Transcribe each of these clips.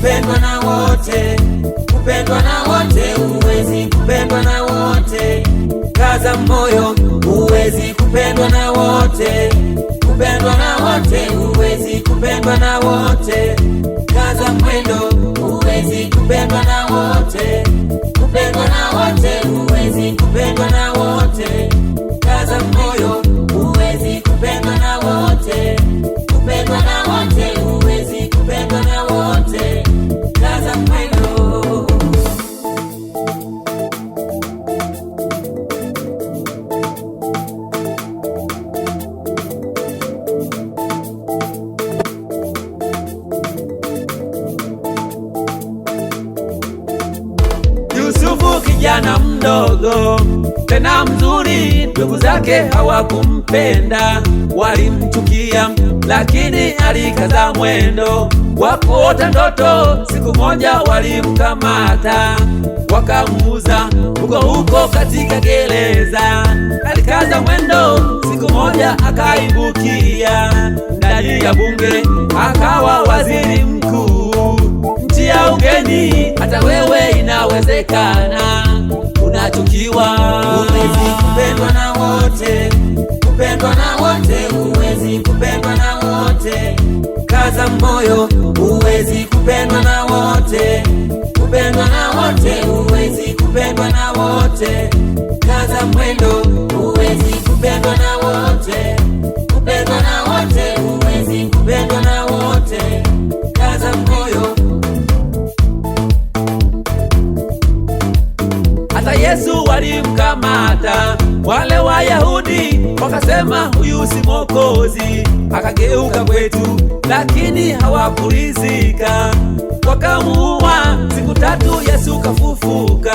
kupendwa na wote, kupendwa na wote, huwezi kupendwa na wote, kaza moyo, huwezi kupendwa na wote, kupendwa na wote, huwezi kupendwa na wote, kaza mwendo Yusufu kijana mdogo tena mzuri, ndugu zake hawakumpenda, walimchukia, lakini alikaza mwendo wa kuota ndoto. Siku moja walimkamata wakamuuza huko huko katika gereza. Alikaza mwendo, siku moja akaibukia ndani ya bunge, akawa waziri mkuu nchi ya ugeni hata wewe inawezekana. Unachukiwa, huwezi kupendwa na wote, kupendwa na wote, huwezi kupendwa na wote. Kaza moyo, huwezi kupendwa na wote, kupendwa na wote, huwezi kupendwa na wote. Kaza mwendo, huwezi kupendwa na wote wakamkamata. Wale Wayahudi wakasema huyu si Mwokozi, akageuka kwetu, lakini hawakurizika, wakamuua. Siku tatu Yesu kafufuka,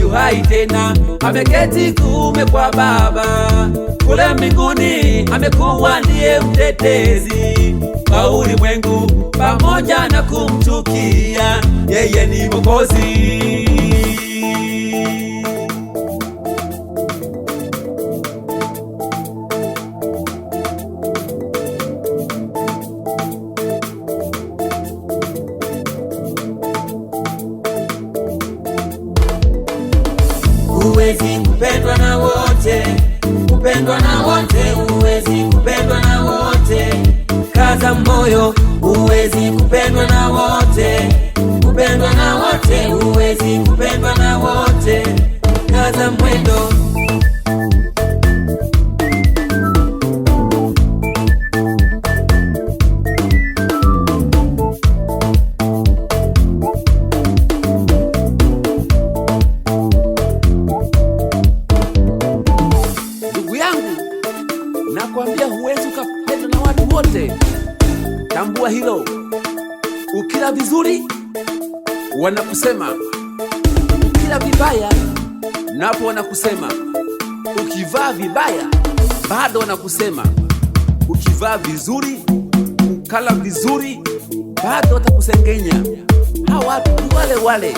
yuhai tena, ameketi kuume kwa Baba kule mbinguni, amekuwa ndiye mtetezi wa ulimwengu, pamoja na kumtukia yeye ni Mwokozi. moyo, huwezi kupendwa na wote, kupendwa na wote, huwezi kupendwa na wote. Kaza mwendo ndugu yangu, huwezi na watu wote tambua hilo, ukila vizuri wanakusema, ukila vibaya napo wanakusema, ukivaa vibaya bado wanakusema, ukivaa vizuri ukala vizuri bado watakusengenya. Hawa watu ni wale wale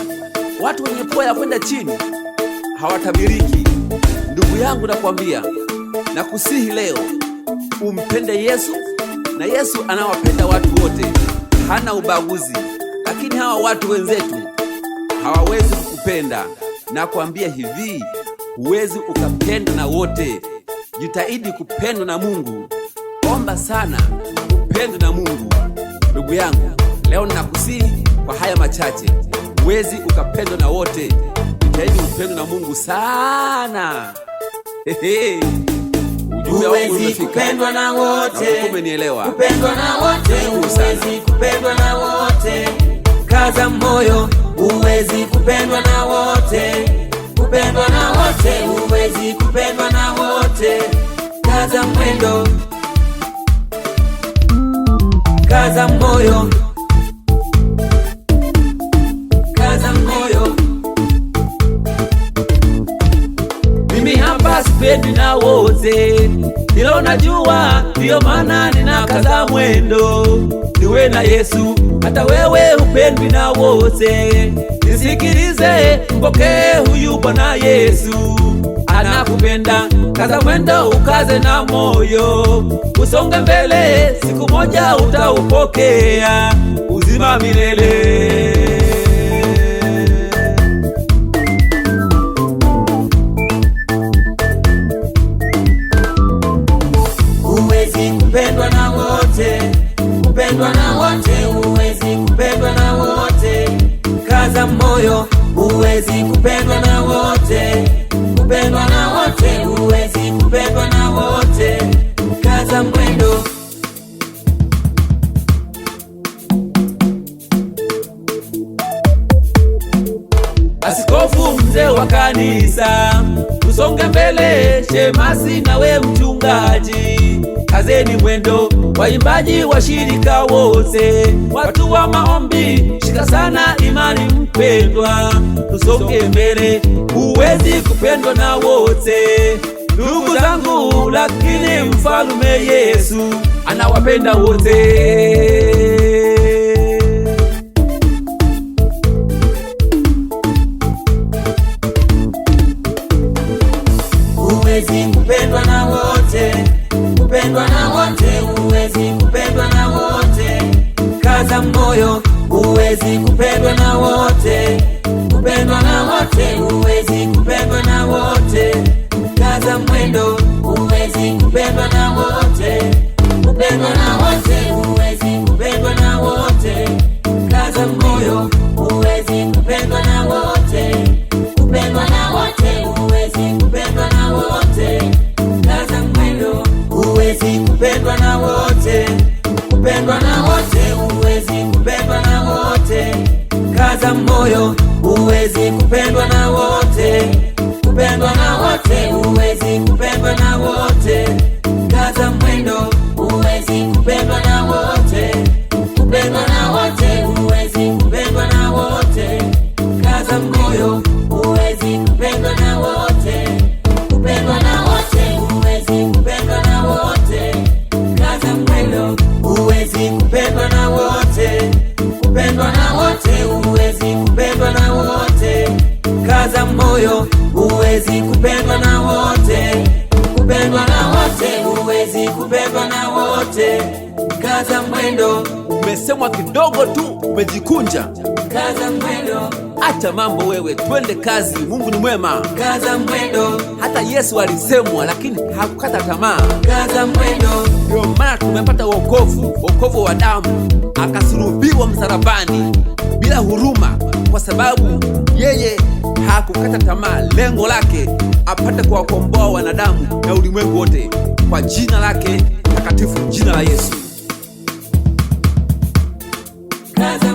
watu wenye pua ya kwenda chini, hawatabiriki. Ndugu yangu, nakwambia, nakusihi leo umpende Yesu na Yesu anawapenda watu wote, hana ubaguzi. Lakini hawa watu wenzetu hawawezi kukupenda, na kuambia hivi, huwezi ukapenda na wote. Jitahidi kupendwa na Mungu, omba sana upendwe na Mungu. Ndugu yangu, leo ninakusihi kwa haya machache, huwezi ukapendwa na wote, jitahidi upendwe na Mungu sana. Hehe. Huwezi kupendwa na wote, ah, kupendwa na wote, huwezi kupendwa na wote. Kaza moyo, huwezi kupendwa na wote, kupendwa na wote, huwezi kupendwa na wote. Kaza mwendo, kaza moyo hilo najua, ndio maana ninakaza mwendo niwe na Yesu. Hata wewe upendwi na wote, nisikilize, mpokee huyu Bwana Yesu anakupenda. Kaza mwendo, ukaze na moyo, usonge mbele, siku moja utaupokea uzima milele. kupendwa na wote, huwezi kupendwa na wote, kaza mwendo. Askofu mzee wa kanisa, tusonge mbele, shemasi na we mchungaji kazeni mwendo, waimbaji washirika wote, watu wa maombi, shika sana imani mpendwa, tusonge mbele, huwezi kupendwa na wote ndugu zangu, lakini mfalume Yesu anawapenda wote. Huwezi kupendwa na wote kupendwa na wote, huwezi kupendwa na wote. Kaza moyo, huwezi kupendwa na wote, kupendwa na wote, huwezi kupendwa na wote. Kaza mwendo, huwezi kupendwa na wote, kupendwa na wote kaza mwendo, umesemwa kidogo tu umejikunja. Kaza mwendo, acha mambo wewe, twende kazi. Mungu ni mwema. Kaza mwendo, hata Yesu alisemwa, lakini hakukata tamaa. Kaza mwendo, ndio maana tumepata wokovu, wokovu wa damu, akasulubiwa msalabani bila huruma, kwa sababu yeye hakukata tamaa. Lengo lake apate kuwakomboa wanadamu na ulimwengu wote, kwa jina lake takatifu, jina la Yesu. Cause